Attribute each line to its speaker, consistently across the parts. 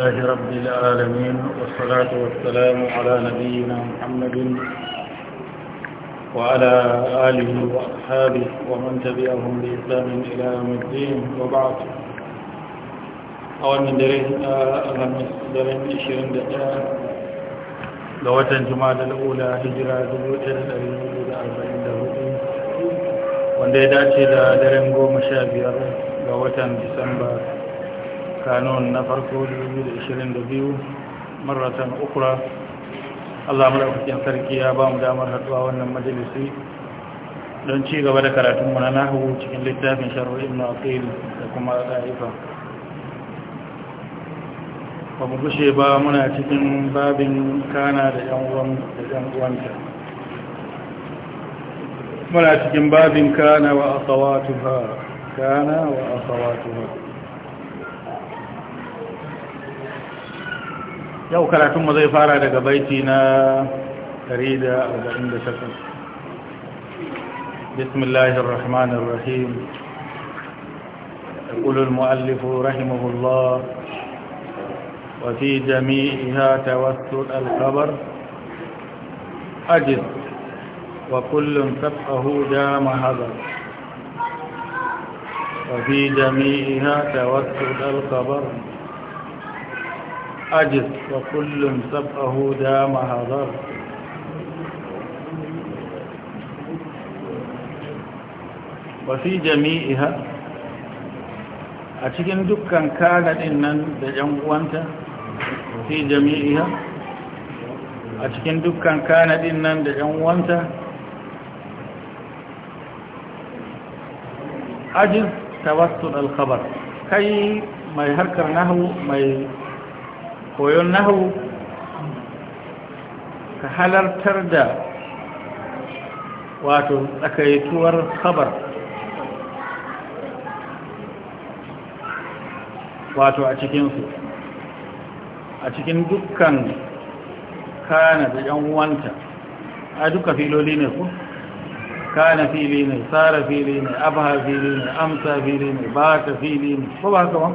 Speaker 1: الله رب العالمين والصلاة والسلام على نبينا محمد وعلى آله وأصحابه ومن تبعهم بإسلام إلى يوم الدين وبعد أولا درين أهم درين عشرين دقيقة لغة جمال الأولى هجرة دبوت الأريد إلى أربعين دهوتين وندي داتي درين قوم شابير لغة ديسمبر kanun na farko 2022 maratan ukura allah mulaukakin sarki ya bamu damar haduwa wannan majalisi don cigaba da karatun na nahu cikin littafin sharar ibn aqil da kuma ɗa'ifa ba mu gushe ba muna cikin babin kana da 'yan uwanta muna cikin babin wa wa yau karatunmu zai fara daga baiti na 148 الله الرحمن الرحيم يقول المؤلف رحمه الله وفي جميعها توسل الخبر أجد وكل سبقه دام هذا وفي جميعها توسل الخبر أجز وكل سبقه دام هضر وفي جميعها أتكن دكا كانت إنن دجنوانتا في جميعها أتكن دكا كانت إنن دجنوانتا أجز توسط الخبر كي ما يهركر نهو ما koyon nahu ka halartar da wato tsakaituwar khabar wato a cikinsu a cikin dukkan kana da yan uwanta a duka filoli ne ku kana fili ne tsara fili ne abha fili ne amsa fili ne ba ta fili ne ko ba haka ba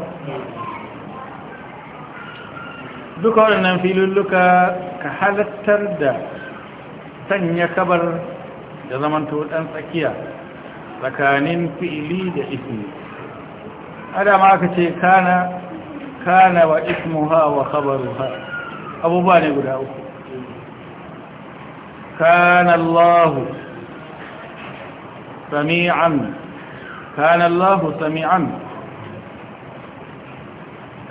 Speaker 1: duka waɗannan filulluka ka halattar da sanya kabar da zamanto ɗan tsakiya tsakanin fili da ismi adama aka ce kana kana wa ismuha wa khabaruha abubuwa ne guda uku kana Allahu sami'an kana Allahu sami'an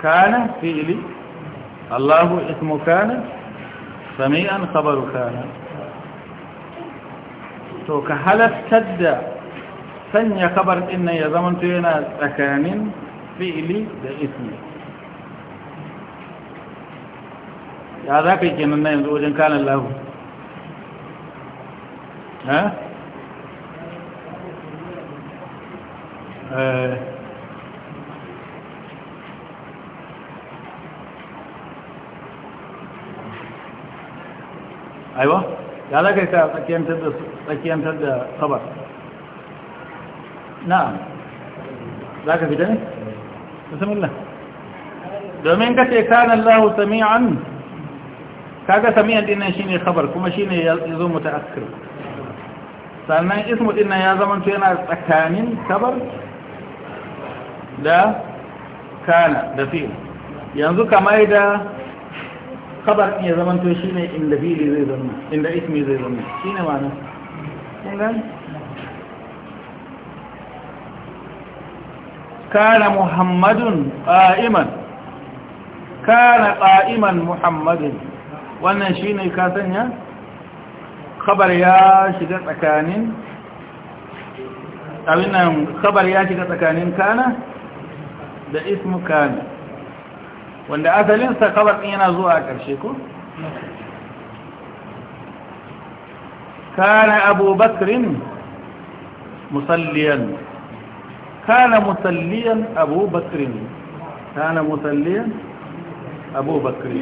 Speaker 1: kana fi'li الله اسم كان سميعا خبر كان تو كهل استد سن خبر ان يا زمن تينا في لي باسم يا ذاك كان ينزوجن كان الله ها آه. aiwa ya za ka yi ta tsakiyantar da sabar na'am za ka fita ne? bismillah domin ka ce kanan lahu sami'an kaga sami'an dinnan shine khabar kuma shine ya zo mutaakkir sannan ismu dinnan ya zamanto yana tsakanin khabar da kana da fi'il yanzu kamar da خبر يا زمان توي شينا إن لبيلي زي ظنة إن لإسمي زي ظنة شينا معنا إنغان كان محمد قائما كان قائما محمد وانا شينا كاتنيا خبر يا شجرة كانين أو إنهم خبر يا شجرة كانين كان ده اسم كانين وان asalinsa kabar ɗin yana zuwa a ƙarshe كان أبو بكر مصليا كان مصليا أبو بكر كان مصليا أبو بكر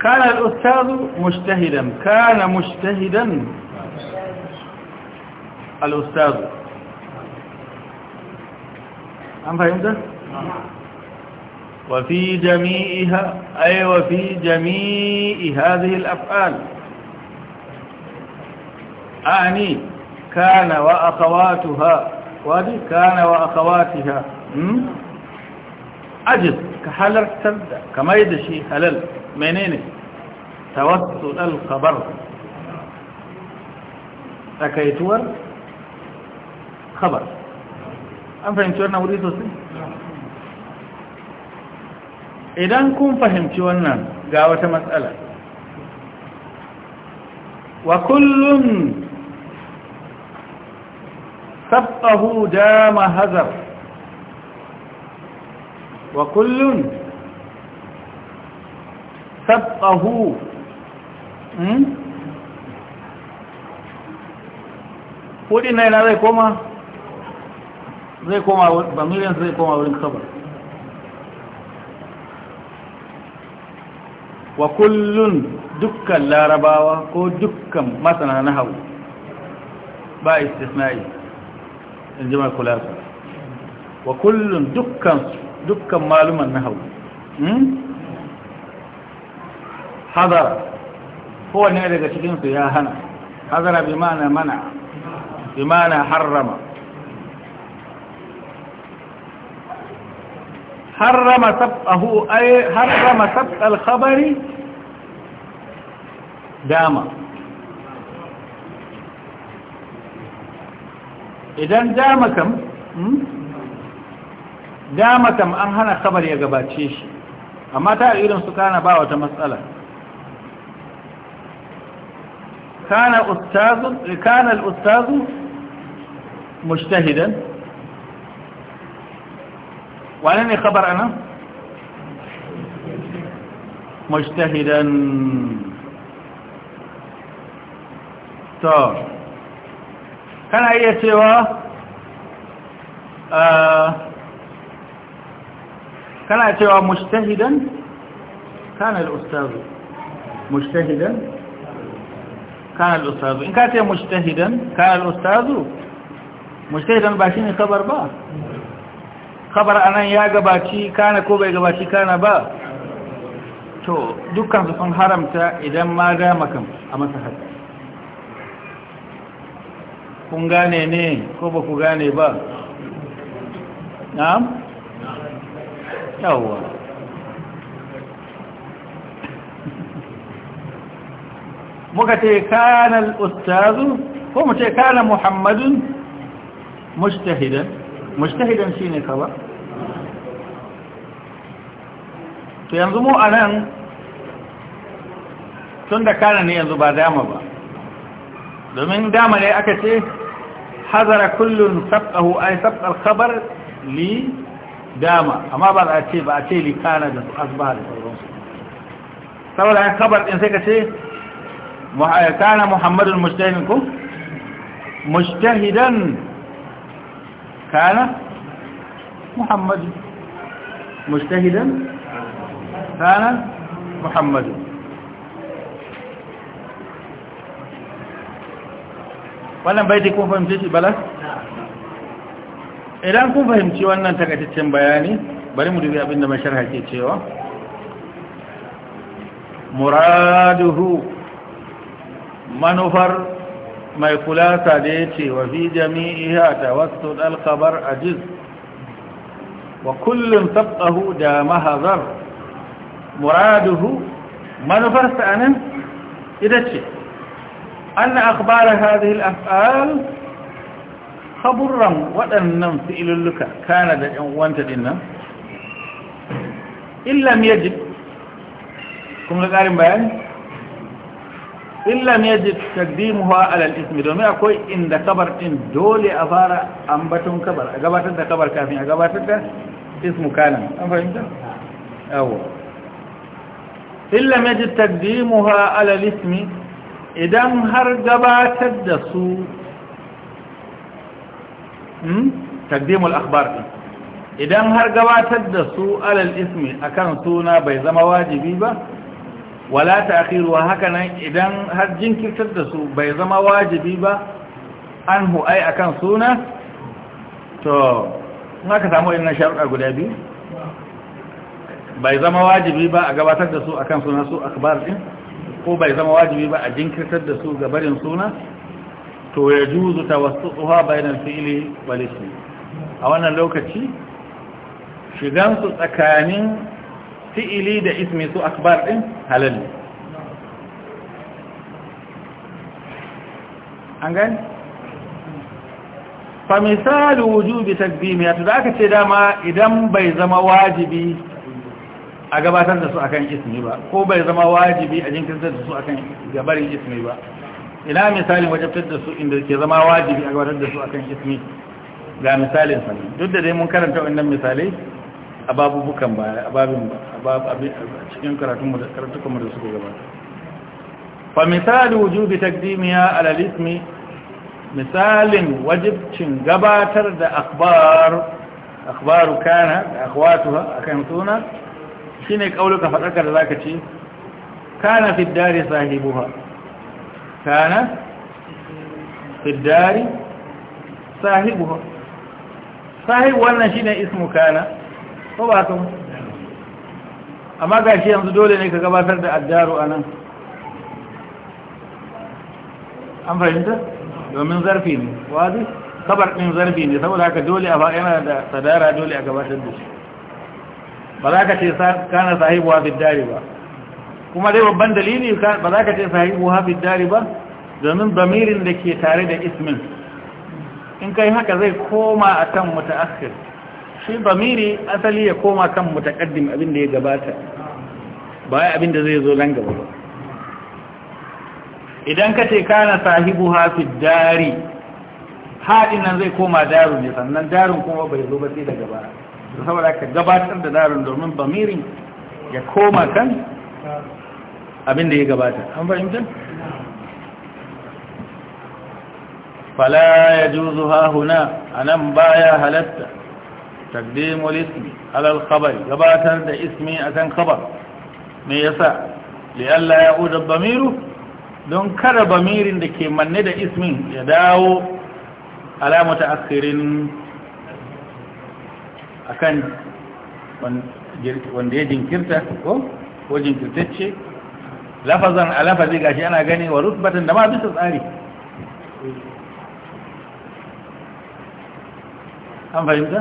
Speaker 1: كان الأستاذ مجتهدا كان مجتهدا الأستاذ an fahimta وفي جميعها أي وفي جميع هذه الأفعال أعني كان وأخواتها وادي كان وأخواتها أجد كحلر تبدأ كما يدشي حلل منين توصل الخبر تكيتور خبر an fahimci wannan wuri sosai idan kun fahimci wannan ga wata matsala wa kullum sabahu dama hazar wa kullum sabbahu hmm? kudi na yana zai koma zai koma bamirin zai koma wurin kabar wa kullun dukkan larabawa ko dukkan masana na hau ba istisnai in ji kulasa wa kullun dukkan dukkan maluman na hmm? hau hazara kowane daga cikinsu ya hana hazara bi mana mana bi mana harrama harrama sab'ahu ay harrama sab'al khabari dama idan dama kam dama kam an hana khabar ya gabace shi amma ta irin su kana ba wata matsala kana ustazu kana al-ustazu mujtahidan وأنا خبر أنا مجتهدا طب كان أي سوى آه كان أي سوى مجتهدا كان الأستاذ مجتهدا كان الأستاذ إن كانت مجتهدا كان الأستاذ مجتهدا باشيني خبر بقى khabar anan ya gabaci kana ko bai gabaci kana ba to dukkan su sun haramta idan ma dama makan a masa haka kun gane ne ko ba ku gane ba na'am yawwa muka ce kana al-ustazu ko mu ce kana muhammadun mujtahidan mujtahidan shine ka ba to yanzu mu a nan tun da kana ne yanzu ba dama ba domin dama ne aka ce hazara kullun sabqahu ay sabqa al-khabar li dama amma ba a ce ba a ce li kana da asbah da sauransu saboda an khabar din sai ka ce kana muhammadun mujtahidin ko mujtahidan كان محمد مجتهدا كان محمد wannan baiti kun fahimci shi balas idan kun fahimci wannan takaitaccen bayani bari mu dubi abinda mai masharha ke cewa muraduhu manufar mai kulasa da ya ce wa fi jami'iha ta wasu alkabar ajiz wa kullum tabbahu da mahazar muraduhu manufarsa a nan ita ce an akbara hadhihi al'af'al kaburran waɗannan fi'ilulluka kana da ‘yan wanta dinnan. nan illam yajib kuma ga ƙarin bayani illam yajid taqdimuha ala alal ismi domin akwai inda kabar din dole a fara ambaton kabar a gabatar da kabar kafin a gabatar da ismu kana an fahimta yawa illam yajid taqdimuha ala al-ism idan har gabatar da su hmm taqdimul akhbar idan har gabatar da su alal ismi ism akan suna bai zama wajibi ba wala ta'khiruha nan idan har jinkirtar da su bai zama wajibi ba anhu ai akan suna to in ka samu irin sharuɗa guda biyu bai zama wajibi ba a gabatar da su akan suna su akbar din ko bai zama wajibi ba a jinkirtar da su ga barin suna to ya juzu tawassuha bainal fi'li wal ismi a wannan lokaci shigan su tsakanin fi'ili da ismi su akbar din halal ne an gani fa misalu wujubi takbimi to da aka ce dama idan bai zama wajibi a gabatar da su akan ismi ba ko bai zama wajibi a jinkirtar da su akan gabarin ismi ba ina misalin wajabtar da su inda ke zama wajibi a gabatar da su akan ismi ga misalin sanin duk da dai mun karanta wannan misalai ababubukan babubukan baya a babin cikin karatunmu da karatukanmu suka gabata fa misali wujubi takdimiya alalismi misalin wajibcin gabatar da akhbar akhbaru kana da a akan suna shine kauluka fadaka da za ka ce kana fi dari sahibuha kana fi sahibuwa sahibu sahib wannan shine ismu kana ko ba kan amma ga shi yanzu dole ne ka gabatar da addaru a nan an fahimta domin zarfi ne wazi kabar ɗin zarfi ne saboda haka dole a yana da sadara dole a gabatar da shi ba za ka ce kana sahibu hafid dare ba kuma dai babban dalili ba za ka ce sahibu hafid dare ba domin bamirin da ke tare da ismin in kai haka zai koma a kan mutu'akhir shi bamiri asali ya koma kan mutakaddim abin da ya gabata ba ya abin da zai zo nan gaba ba idan ka ce kana sahibu hafi dari haɗin nan zai koma darin ne sannan darun kuma bai zo ba sai daga ba saboda ka gabatar da darun domin bamirin ya koma kan abin da ya gabata an fahimta? fala ya juzu ha huna a nan baya halatta taqdimul ismi ala al-khabar gabatar da ismi akan khabar me yasa li alla ya'uda damiru don kada bamirin da ke manne da ismin ya dawo ala mutaakhirin akan wanda ya jinkirta ko ko jinkirtacce lafazan a lafazi gashi ana gani wa rutbatan da ma bisa tsari an fahimta?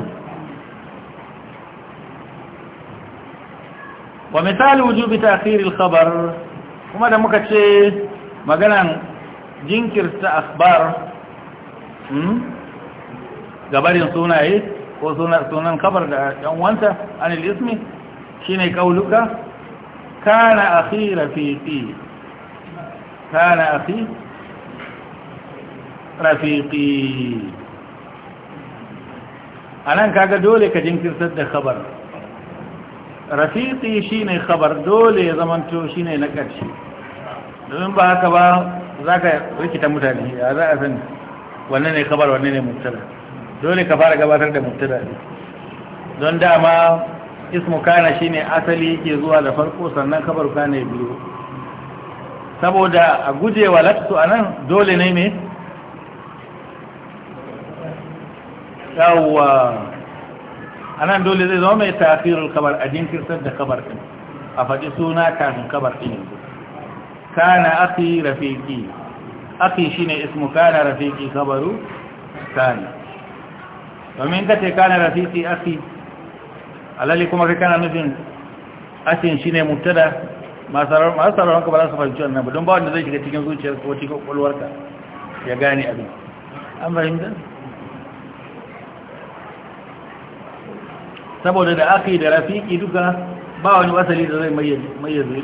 Speaker 1: wa misali wujubi al khabar kuma da muka ce maganan jinkirta akhbar hmm, gabarin sunaye ko sunan kabar da yan wanta al ismi shine kauluka kana akhira fi fi kana akhi rafiqi anan kaga dole ka jinkirtar da khabar shi ne khabar dole ya zamanto shine na ƙarshe domin ba haka ba za ka rikita mutane ya za a sani wanne ne khabar wanne ne mubtada dole ka fara gabatar da mubtada don dama ismu kana shi ne asali yake zuwa da farko sannan khabar kana ya biyo saboda a guje wa gujewa a nan dole ne me yawwa a nan dole zai zama mai tafirul kabar a jinkirtar da kabar ɗin a faɗi suna kafin kabar ɗin yanzu kana aki rafiki aki shi ne ismu kana rafiki kabaru kana domin ka ce kana rafiki aki alali kuma ka kana nufin asin shi ne mubtada masu sauran ba su fahimci wannan ba don ba wanda zai shiga cikin zuciyar ko cikin kwalwarka ya gane abin an fahimta saboda da aka yi da rafiki duka ba wani wasali da zai mayyaze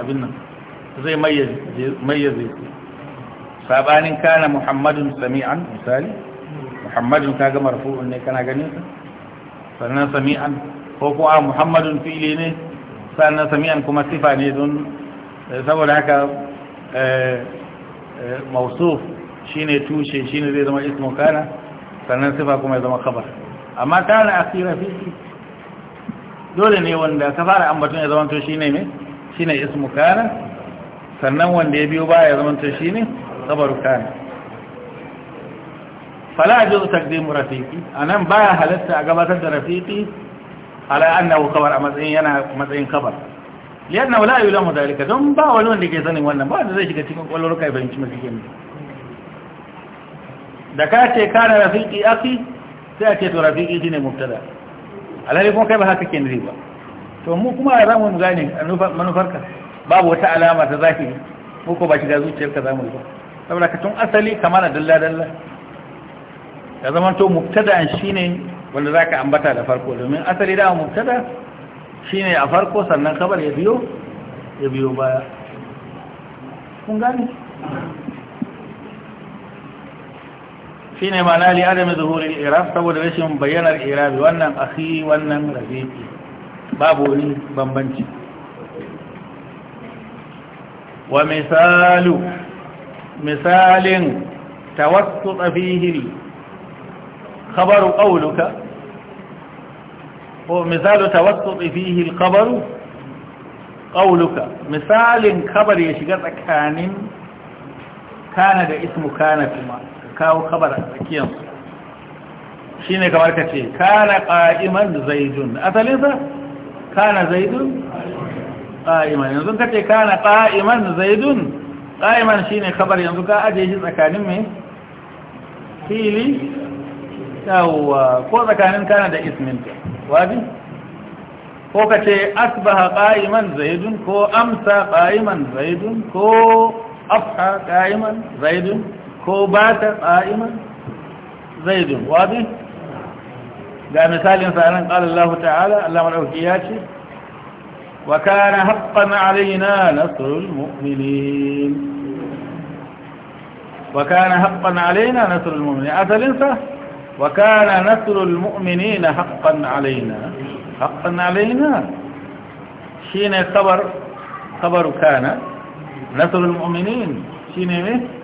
Speaker 1: abin nan zai mayyaze sabanin kana muhammadun sami'an misali muhammadun kaga marfu'un ne kana ganin sa sannan sami'an ko kuwa muhammadun fili ne sannan sami'an kuma sifa ne don eh, saboda haka eh, eh, mausuf shine tushe shine zai zama ismu kana sannan sifa kuma ya zama kabar. amma kana akira rafiki. dole ne wanda ka fara ambaton ya zamanto shine me shine ismu kana sannan wanda ya biyo baya ya zamanto shine khabaru kana fala juz taqdimu rafiqi anan baya halatta a gabatar da rafiqi ala annahu khabar a matsayin yana matsayin khabar lianna la yulamu dalika don ba wani wanda ke sanin wannan ba wanda zai shiga cikin kwallon kai bayan cikin cikin da ka ce kana rafiqi aki sai a ce to rafiqi shine mubtada' alhali kuma kai ba haka ke nufi ba to mu kuma za mu gane manufarka babu wata alama ta zahiri mu ko ba shiga zuciyarka za mu yi ba saboda ka tun asali kamar dalla dalla ya zama to mubtada shine wanda zaka ambata da farko domin asali da mubtada shine a farko sannan kabar ya biyo ya biyo baya kun gane shi ne ma na li'adami zuhurin irab saboda rashin bayyanar irabi wannan ahi wannan rafiƙi babu wani bambanci wa misalu misalin tawassu tsafihiri khabaru ƙauluka ko misalu tawassu tsafihiri khabaru ƙauluka misalin kabar ya shiga tsakanin kana da ismu kana kuma kawo kabar a tsakiyar shi ne kamar ka ce kana ƙa'iman zaidun asalinsa kana zaidun ƙa'iman yanzu ka ce kana ƙa'iman zaidun ƙa'iman shi ne kabar yanzu ka ajiye shi tsakanin mai fili yawwa ko tsakanin kana da isminta wabi ko ka ce asbaha ƙa'iman zaidun ko amsa ƙa'iman zaidun ko afha ƙa'iman zaidun كوبات قائما زيد وابي جاء مثال فعلا قال الله تعالى اللهم العوكياتي وكان حقا علينا نصر المؤمنين وكان حقا علينا نصر المؤمنين أثل انسى وكان نصر المؤمنين حقا علينا حقا علينا شين خبر خبر كان نصر المؤمنين شين ايه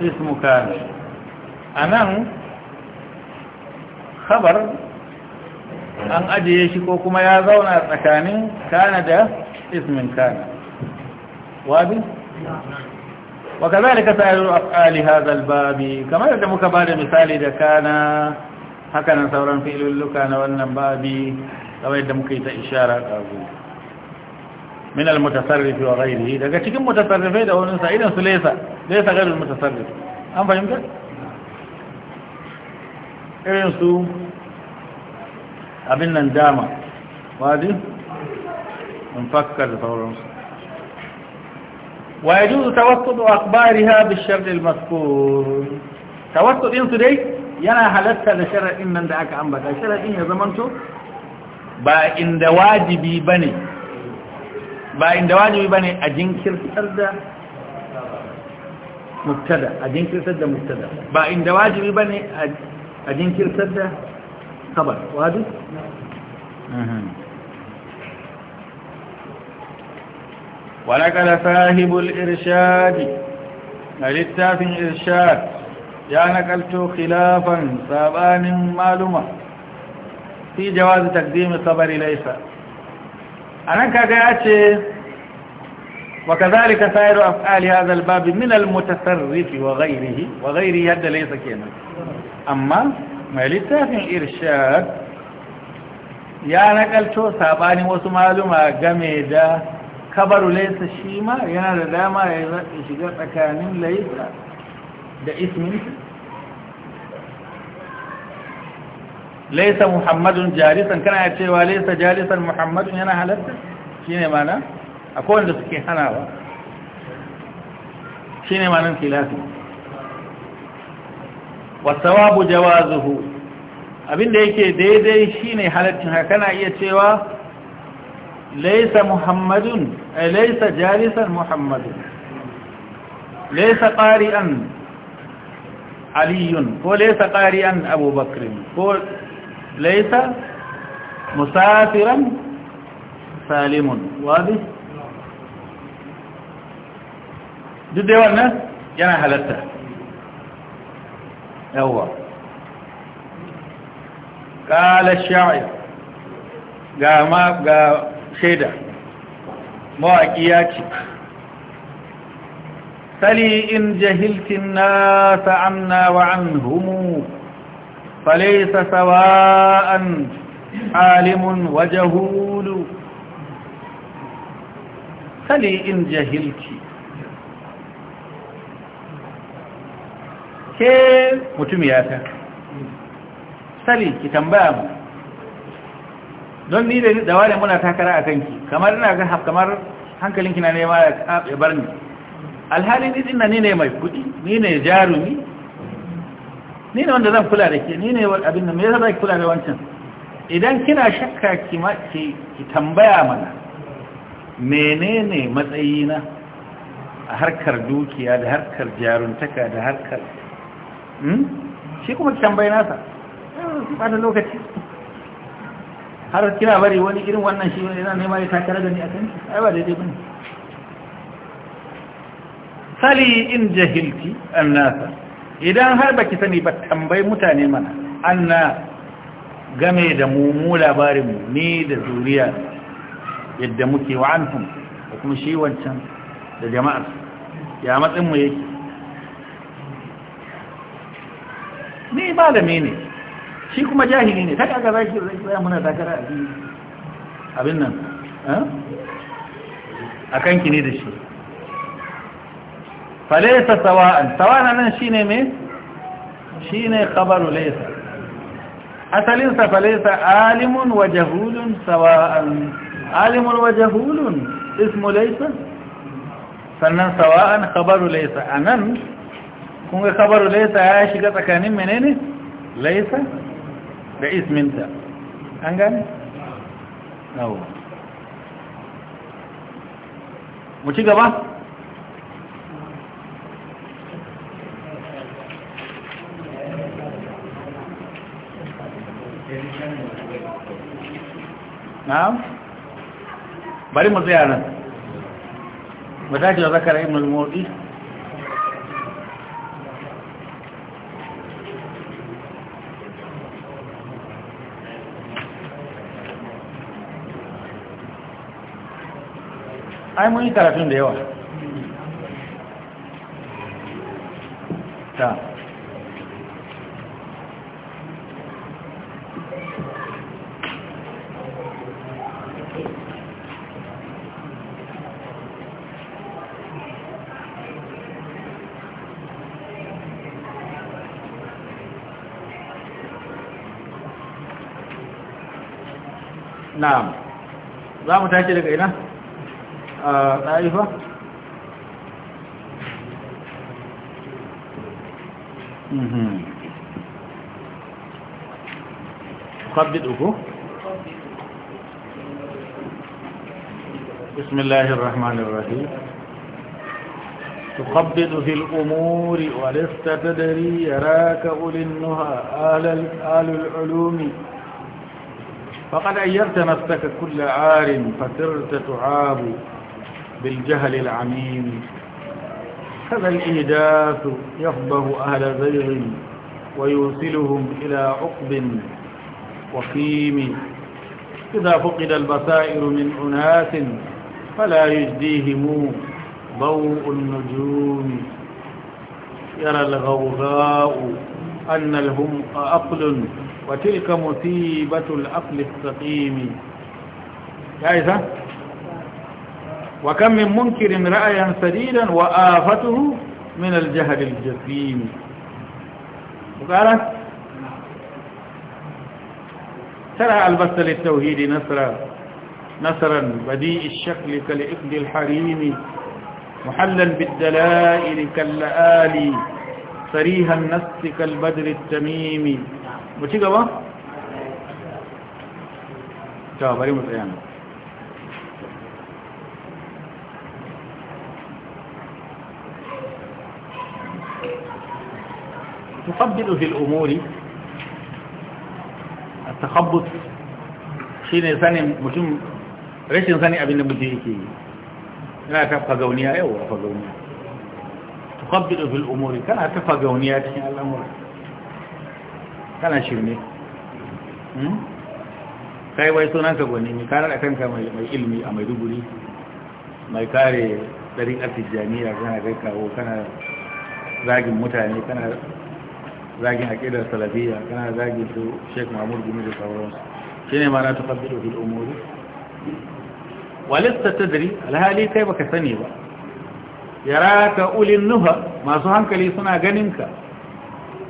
Speaker 1: اسم كان أنه خبر أن ajiye shi ko kuma ya zauna tsakanin kana وكذلك سائر الأفعال هذا الباب كما يدمك بعد مثال إذا كان هكذا ثورا في إلو كان وأن بابي كما إشارة أبوه من المتصرف وغيره ده كتك متصرف ده هو ننسى إذن سليسة ليس غير المتصرف أم فهمك؟ إذن سو أبن ننجام وادي منفكر فورا ويجوز توسط اخبارها بالشر المذكور توسط إنس دي ينا حلسة لشرع إن ننجاك أم بك شرع إن يزمنتو با إن دواجبي بني ba inda wajibi bane a jinkirtar da muktada. a jinkirtar da mubtada ba inda wajibi bane a jinkirtar da khabar wadi ولقد صاحب الإرشاد للتاف إرشاد يا نقلت خلافا سابان معلومة في جواز تقديم خبر ليس a nan kaga ya ce wa kazalika sa'iru af'ali hadha al-bab min al-mutasarrif wa ghayrihi wa ghayri yadda laysa kenan amma mai littafin irshad ya nakalto sabanin wasu maluma game da kabaru laysa shima yana da dama ya shiga tsakanin laysa da ismin laisa muhammadun jalisan kana ya cewa laisa jalisan muhammadun yana halatta ne mana akwai wanda suke hanawa ne manan khilafi wa sawabu jawazuhu abinda yake daidai shi ne halaccin haka kana iya cewa laisa muhammadun eh, laisa jalisan muhammadun laisa ƙari'an aliyun ko laisa ƙari'an abubakrin ko ليس مسافرا سالم واضح جد يا الناس جنا حالته هو قال الشاعر قام قا شيدا مواكياتي فلي إن جهلت الناس عنا وعنهم فليس سواء عالم وجهول خلي إن جهلت كيف متمياتا sali ki tambaya mu don ni da dawalin muna takara a kanki kamar ina ga kamar hankalinki na nema ya bar ni alhalin ni ne mai kudi ni ne jarumi ni ne wanda zan kula da ke ni ne abin da me yasa kula da wancan idan kina shakka ki tambaya mana menene matsayina a harkar dukiya da harkar jaruntaka da harkar hmm? shi kuma ki tambayi nasa ba da lokaci har kina bari wani irin wannan shi wani yana nema ya takara da ni a kanki ai ba daidai bane sali in jahilti annasa idan har ba ki sani ba tambayi mutane mana anna game da mu mu labarin ni da zuriya yadda muke wa antum da kuma shi wancan da jama'ar ya matsin mu yake ni malami ne shi kuma jahili ne ta ga zaki zai tsaya muna takara abin nan eh? akan ki ne da shi falaisa sawa'an sawa'an nan shine me shine khabaru laysa asalin sa falaisa alimun wa jahulun sawa'an alimun wa jahulun ismu laysa sannan sawa'an khabaru laysa anan kun ga khabaru laysa ya shiga tsakanin menene laysa da isminta an gane awo mu ci gaba na bari mu tsaya nan ba ta ce da zakara ibn al-mawdi ai mun yi karatun da yawa ta نعم za mu tashi daga ina بسم الله الرحمن الرحيم تخبط في الأمور ولست تدري يراك أولي النهى أهل, آل العلوم فقد أيرت نفسك كل عار فسرت تعاب بالجهل العميم كذا الإيداث يفضه أهل زيغ ويوصلهم إلى عقب وقيم إذا فقد البصائر من أناس فلا يجديهم ضوء النجوم يرى الغوغاء أن الهم أقل وتلك مصيبة الأقل السقيم جائزة وكم من منكر رأيا سديدا وآفته من الجهل الجسيم وقالت ترى البس للتوحيد نصرا نصرا بديء الشكل كالإقد الحريم محلا بالدلائل كاللآلي صريح النص كالبدر التميم mu ci gaba? ta bari mu tsaya nan تفضل في الأمور التخبط شيء ثاني mutum rashin sani abin da mutum yake yi yana ta yau a fagauniya tukabbidu fil kana ta fagauniya kana shirme hmm? kai wai sunanka gwani mai karar a kanka mai ilmi a mai duburi mai kare ɗarin jami'a kana kai kawo kana zagin mutane kana zagin aƙidar salafiya kana zagin su sheik mahmud gumi da sauransu shi ne na tafabbi da fil umuru walista dari alhali kai baka sani ba yara ka ulin nuha masu hankali suna ganinka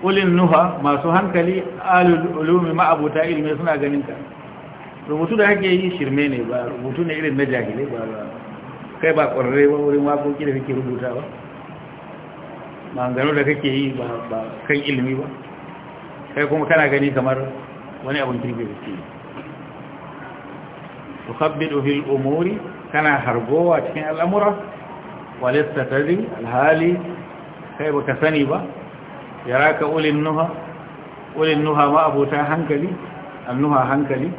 Speaker 1: ulin nuha masu hankali alul ulumi ma'abuta ilmi suna ganin ka rubutu da kake yi shirme ne ba rubutu ne irin na jahilai ba kai ba ƙwararre ba wurin waƙoƙi da kake rubuta ba mangano da kake yi ba kan ilimi ba kai kuma kana gani kamar wani abin kirki da ke tukabbidu fil umuri kana hargowa cikin al'amura walista tari alhali kai ba ka sani ba يراك أولي النهى أولي النهى تا هنكلي النهى هنكلي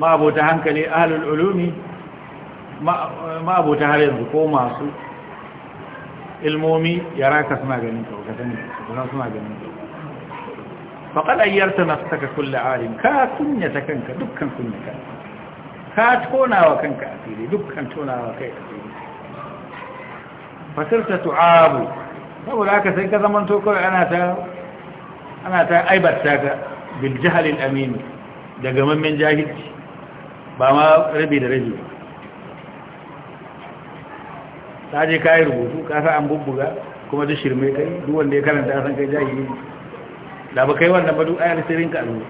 Speaker 1: ما أبو تا هنكلي أهل العلوم ما أبو أبوتا هل يذكوما المومي يراك اسمع جنينك فقال أيرت نفسك كل عالم كا كنية كنك دكا كنية كنك كا تكونا وكنك أفيري دكا تكونا وكنك أفيري فصرت تعابل saboda haka sai ka zaman to kawai ana ta ana ta aibarta ka bil jahalil amin da gamammen jahilci ba ma rabi da rabi ta je kayi rubutu ka sa an bubbuga kuma duk shirme kai duk wanda ya karanta san kai jahili da ba kai wannan ba duk ayar sirrin ka alwo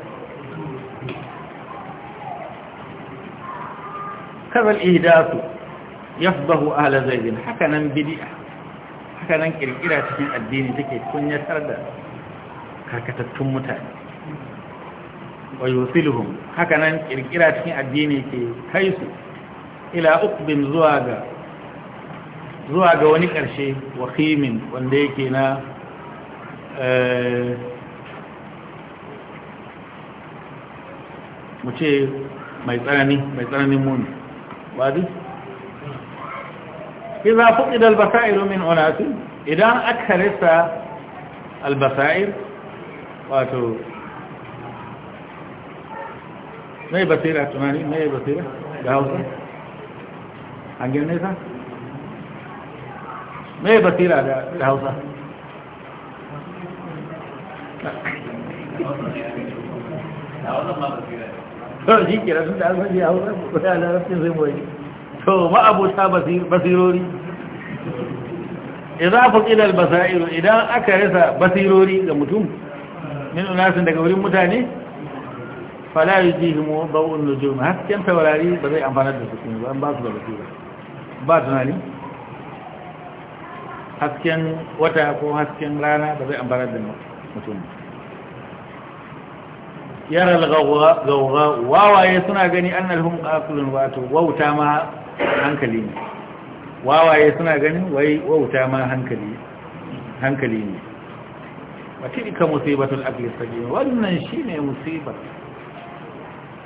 Speaker 1: kazal ihdathu yafdahu ahla zaidin hakanan bidi'a Hakanan nan kirkira cikin addini take kunyatar da karkatattun mutane wa yusiluhum haka nan kirkira cikin addini ke kai su ila uqbin zuwa ga zuwa ga wani ƙarshe wahimin wanda yake na eh, mu ce mai tsanani mai tsananin muni إذا فقد البصائر من أناس إذا أكثرت البصائر واتو ما هي بصيرة تماني ما هي بصيرة جاوزة أنجل نيسا ما هي بصيرة جاوزة
Speaker 2: جاوزة ما بصيرة
Speaker 1: جاوزة ما الله جاوزة ما رسول الله to ma'abuta basirori idan faƙi albasairu idan aka rasa basirori ga mutum min unasin daga wurin mutane fala yi jihimu bau'un nujum hasken taurari ba zai amfana da su ba ba su da basira ba tunani hasken wata ko hasken rana ba zai amfana da mutum yara gawa wawaye suna gani annalhum qasilun wato wauta ma hankali ne wawaye suna ganin wai wauta ma hankali hankali ne Ba dika musibatul akli sajin wannan shine musibar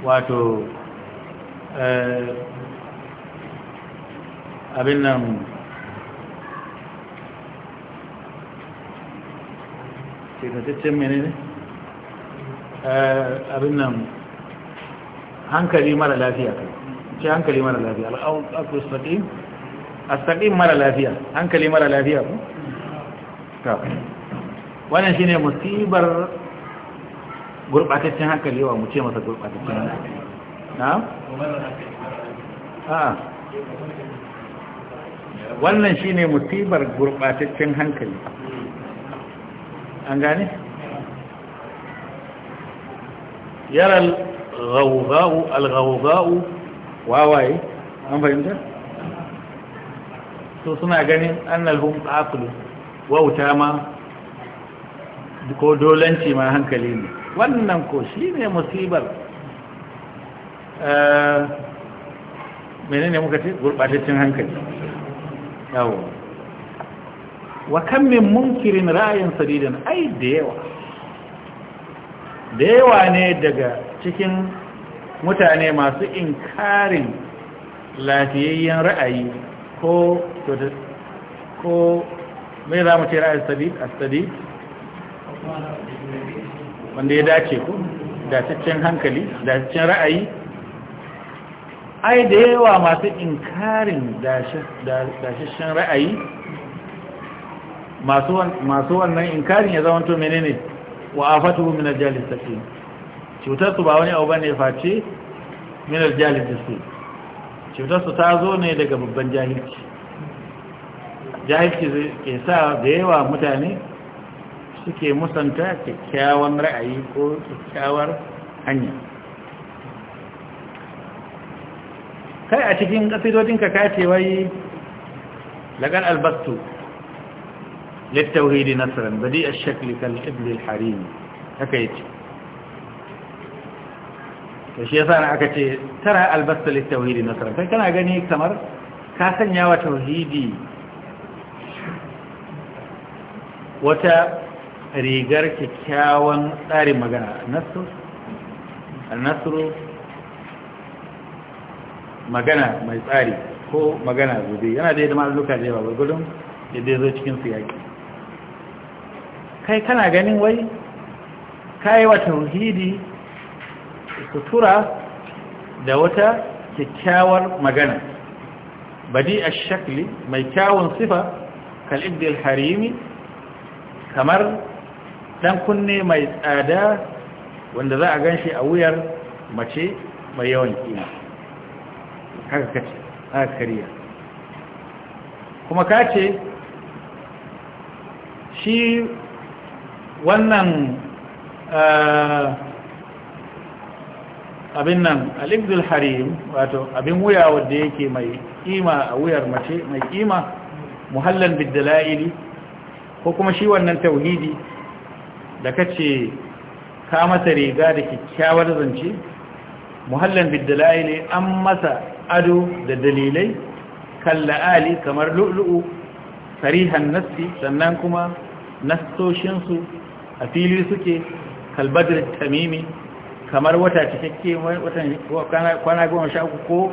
Speaker 1: wato eh, abin nan tekataccen mene ne eh, abin nan hankali mara lafiya kai ce hankali mara lafiya al'aƙo saƙi a saƙin mara lafiya hankali mara lafiya ku? wannan shi ne musibar gurbataccen hankali wa mu ce masa gurbataccen hankali na? a wannan shi ne musibar gurbataccen hankali an gane? yaral غوغاء الغوغاء wawaye an fahimta su suna ganin annalhum qaflu wauta ma ko dolanci ma hankali ne wannan ko shine musibar eh, menene muka ce gurbataccen hankali yawo wa kam min munkirin ra'ayin sadidan ai da yawa da yawa ne daga cikin mutane masu inkarin lafiyayyen ra'ayi ko ko mai za mu ce ra'ayi astadi wanda ya dace ku dataccen hankali dataccen ra'ayi ai da yawa masu inkarin dashashen ra'ayi masu wannan inkarin ya zama to menene wa afatu min al tafiya cutarsu ba wani abu bane face minar jalib da su cutarsu ta zo ne daga babban jahilci jahilci ke sa da yawa mutane suke musanta kyakkyawan ra'ayi ko kyakkyawar hanya kai a cikin ƙasidodinka ka ce wai lagar albastu littauhidi nasarar badi a shakli kal'ibli harimi haka yi to shi yasa na aka ce tara albasta littauhidi nasara kai kana gani kamar ka sanya wa tauhidi wata rigar kyakkyawan tsarin magana Nasiru, magana mai tsari ko magana zube yana da yadda ma'azuka da yawa gudun yadda ya zo cikin siyaki kai kana ganin wai kayi wa tauhidi sutura da wata kyakkyawar magana badi a shakli mai kyawun sifa kalibdil harimi kamar dan kunne mai tsada wanda za a gan shi a wuyar mace mai yawan kima haka kace haka kariya kuma kace shi wannan ah, abin nan alibdul harim wato abin wuya wanda yake mai kima a wuyar mace mai kima muhallan biddala'ili ko kuma shi wannan tauhidi da kace ka masa riga da kyakkyawar zance muhallan biddala'ili an masa ado da dalilai kan la'ali kamar lu'lu'u sarihan nassi sannan kuma nassoshinsu a fili suke kalbadir tamimi kamar wata cikakke watan kwana goma sha uku ko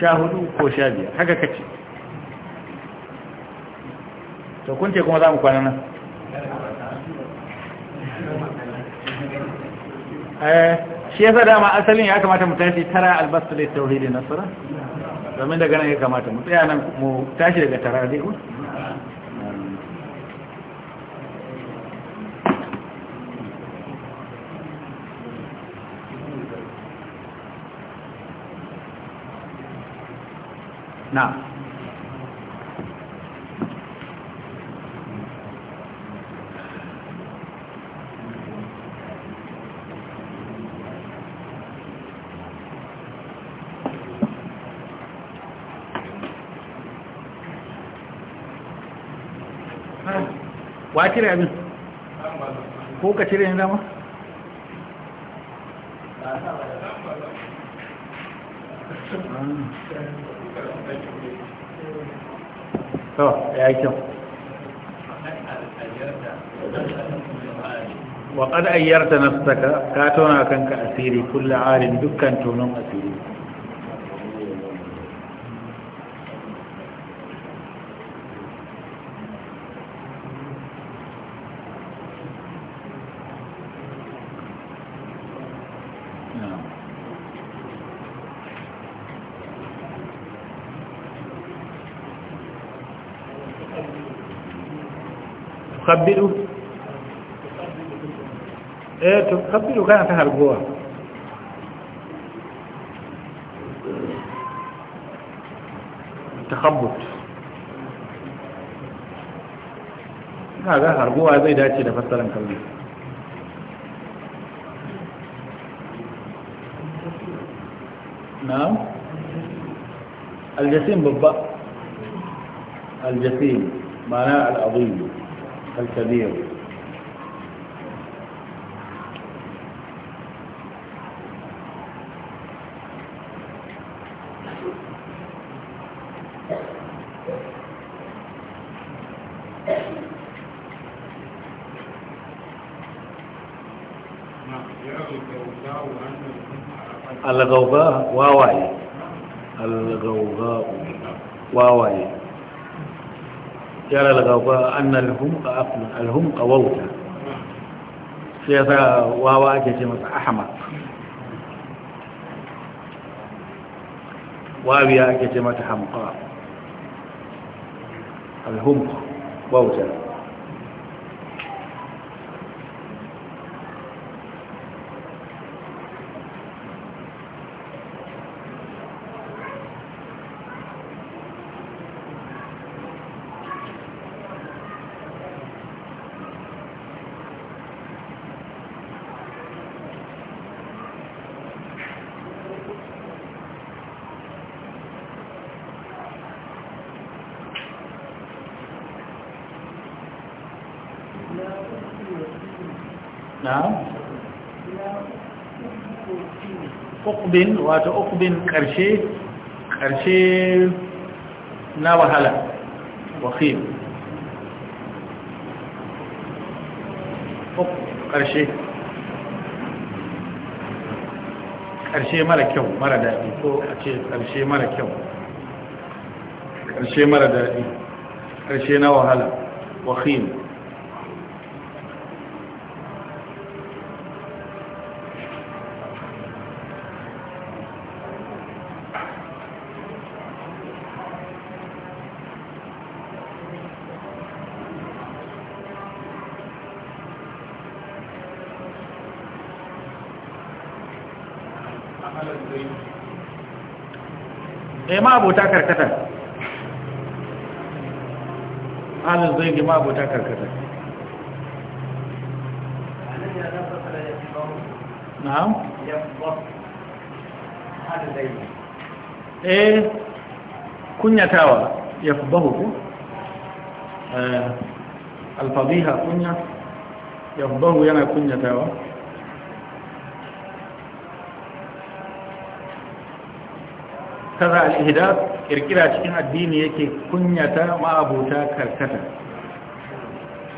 Speaker 1: sha hudu ko sha biyar haka kace to kun ce kuma za mu kwana nan eh, shi sada dama asalin ya kamata mu tashi tara albastu da da nasara domin daga nan ya kamata mu tsaya nan mu tashi daga tara dai na wa cire abin ko
Speaker 2: ah. to ya kyau
Speaker 1: wa ka tona kanka asiri kullu alim dukkan tonon asiri تقبله ايه تقبله كانت فيها تخبط هذا هربوها زي داتي ده فسر نكمل نعم الجسيم بالضبط الجسيم معناه العظيم الكبير الغوغاء واواي الغوغاء واواي yara lagawa an alhumka afna alhumka wauta sai yasa wawa ake ce masa ahmad wawiya ake ce mata hamqa alhumka wauta ukubin wato ukubin ƙarshe karshe na wahala mara kyau mara daɗi ko a ce mara kyau karshe mara daɗi na wahala wakhil abota karkatar halin zai ma ma'abota karkatar na'am eh kunyatawa ya fi bahu ku eh, alfabiha kunya ya fi bahu yana kunyatawa kaza al-ihdath kirkira cikin addini yake kunyata ma'abuta karkata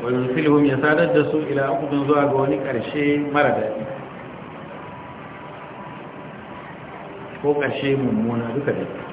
Speaker 1: wa yusilhum ya sadar da su ila ukudun zuwa ga wani karshe mara daɗi ko karshe mummuna duka dai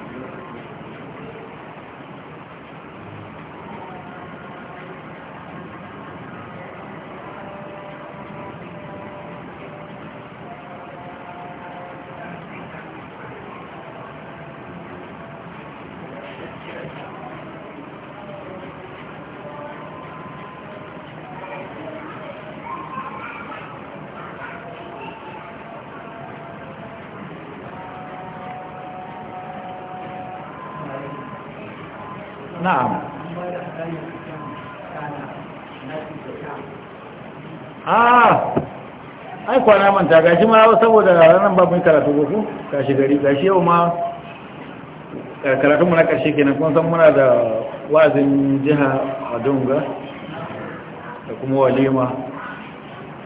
Speaker 1: kwana manta ga gashi ma saboda ranar ba mun karatu gosu shi gari gashi yau ma karatunmu na karshe kenan kun san muna da wazin jiha a dunga da kuma walima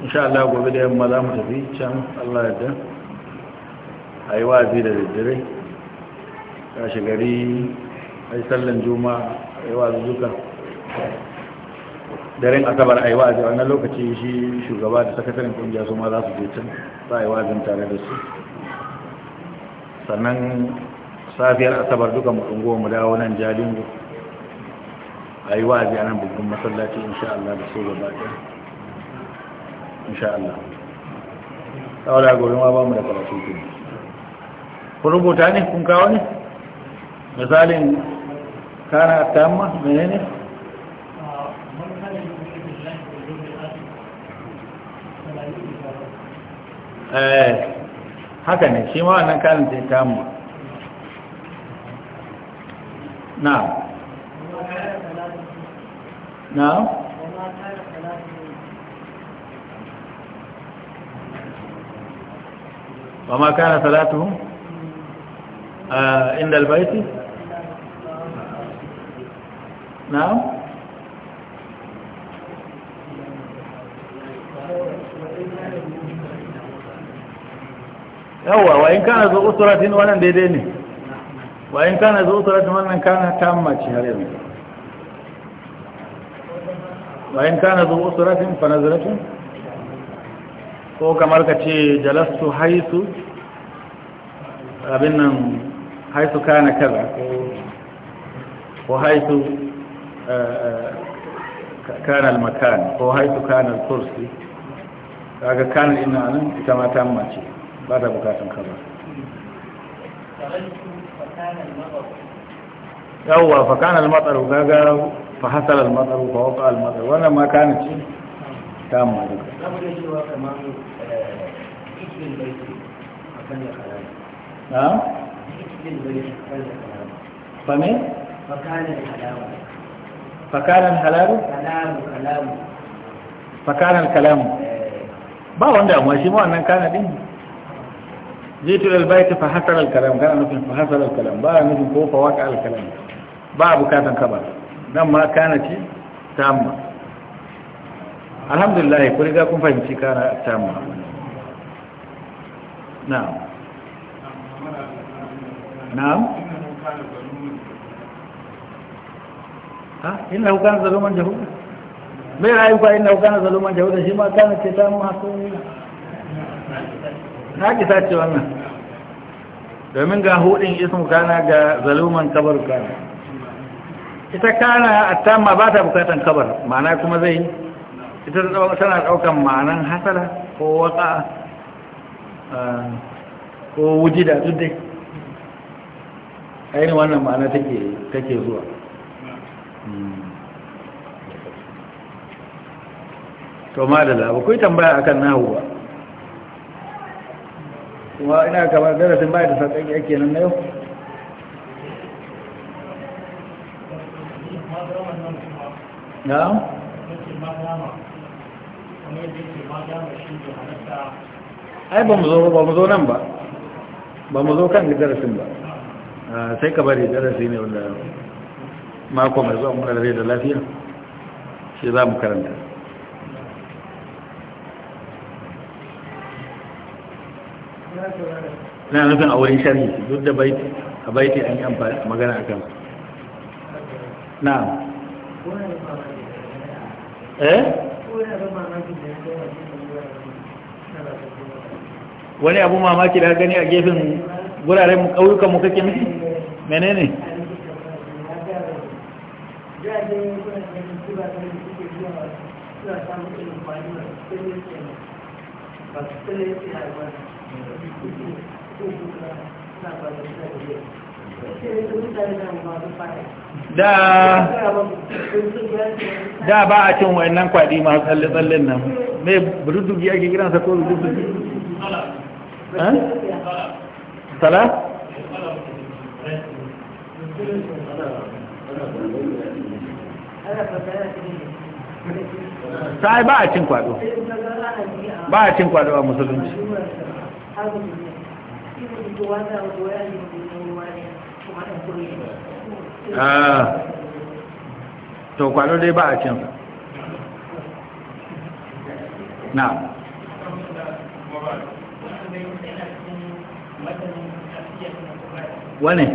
Speaker 1: insha Allah gobe da yamma za mu tafi can Allah yadda a yi wazi da daddare shi gari a yi sallan juma'a a yi wazi duka daren asabar a yi wa'azi wannan lokaci shi shugaba da sakatarin kungiya su ma za su je can za a yi wa'azin tare da su sannan safiyar asabar duka mutungo mu dawo nan jalingo a yi wa'azi a nan babban masallaci insha Allah da so gaba ɗaya insha Allah saboda gobe ma ba mu da karatu ne kun rubuta ne kun kawo ne misalin kana tamma menene ne Eh, haka ne shi ma wannan kanin sai kamu na na wa ma kana salatu eh, inda albayti na yawwa wa in kana zo usratin wannan daidai ne wa in kana zo usratin wannan kana tamma mace har yanzu wa in kana zo usratin fa ko kamar ka ce jalastu haisu abin nan haisu kana kaza ko haisu eh, eh, kana al ko haisu kana kursi kaga kana ina nan ita ma tamma ce ba da bukatan kaza yawwa fa kana al-matar gaga fa hasala al-matar fa waqa al-matar wannan ma kana ci ta mu duka
Speaker 2: saboda cewa kamar ikin bai akan da kaza ha ikin bai akan da kaza fa me fa kana halalu
Speaker 1: fa kana halalu
Speaker 2: halalu halalu
Speaker 1: fa kana al-kalamu ba wanda amma shi ma wannan kana din jitu albayti fa hasara alkalam kana nufin fa hasara alkalam ba nufin ko fa waka alkalam ba bukatan kabar nan ma kana ce tamma alhamdulillah ku riga kun fahimci kana tamma na'am na'am na ki sace wannan domin ga hudin ismu kana ga zaluman kabar kana ita kana attamma ba ta bukatan kabar ma'ana kuma zai ita tana daukan ma'anan hasala ko waka eh, ko wujida duk dai ainihin wannan ma'ana take zuwa hmm. to ma da labu ba tambaya akan nahuwa kuma ina kamar darasin bayan da saƙon yake nan na yau
Speaker 2: na'am ai ba
Speaker 1: mu zo ba mu zo nan ba ba mu zo kan darasin ba ah, sai ka bari darasi ne wanda mako mai zuwa muna da rai da lafiya shi za mu karanta na nufin a wurin sharhi duk da baiti a baiti an yi amfani magana a kan na eh wani abu mamaki da gani a gefen wuraren ƙauyukan mu kake miki menene
Speaker 2: Thank you. da
Speaker 1: ba a cin wayannan kwadi masu tsalle-tsallen nan mai bududugi ake kiransa ko bududugi?
Speaker 2: sala? sai ba a cin kwado ba a cin kwado a musulunci Ah.
Speaker 1: to kwano dai ba a cin na wane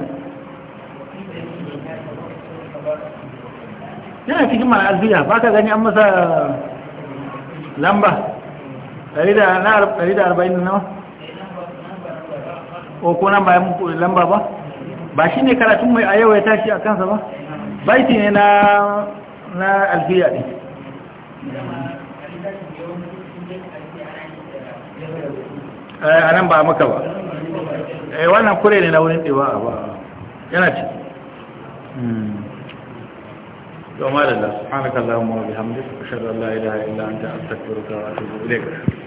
Speaker 1: yana cikin ma'azbiya ba ka gani an masa lamba 140 nawa Ko ko nan ba ya muku lamba ba ba shi ne karatun mai a yau ya tashi a kansa ba baiti ne na na alfiya ne
Speaker 2: eh, a nan ba maka ba eh wannan
Speaker 1: kure ne na wurin ɗewa ba yana ci يوم هذا سبحانك اللهم وبحمدك أشهد أن لا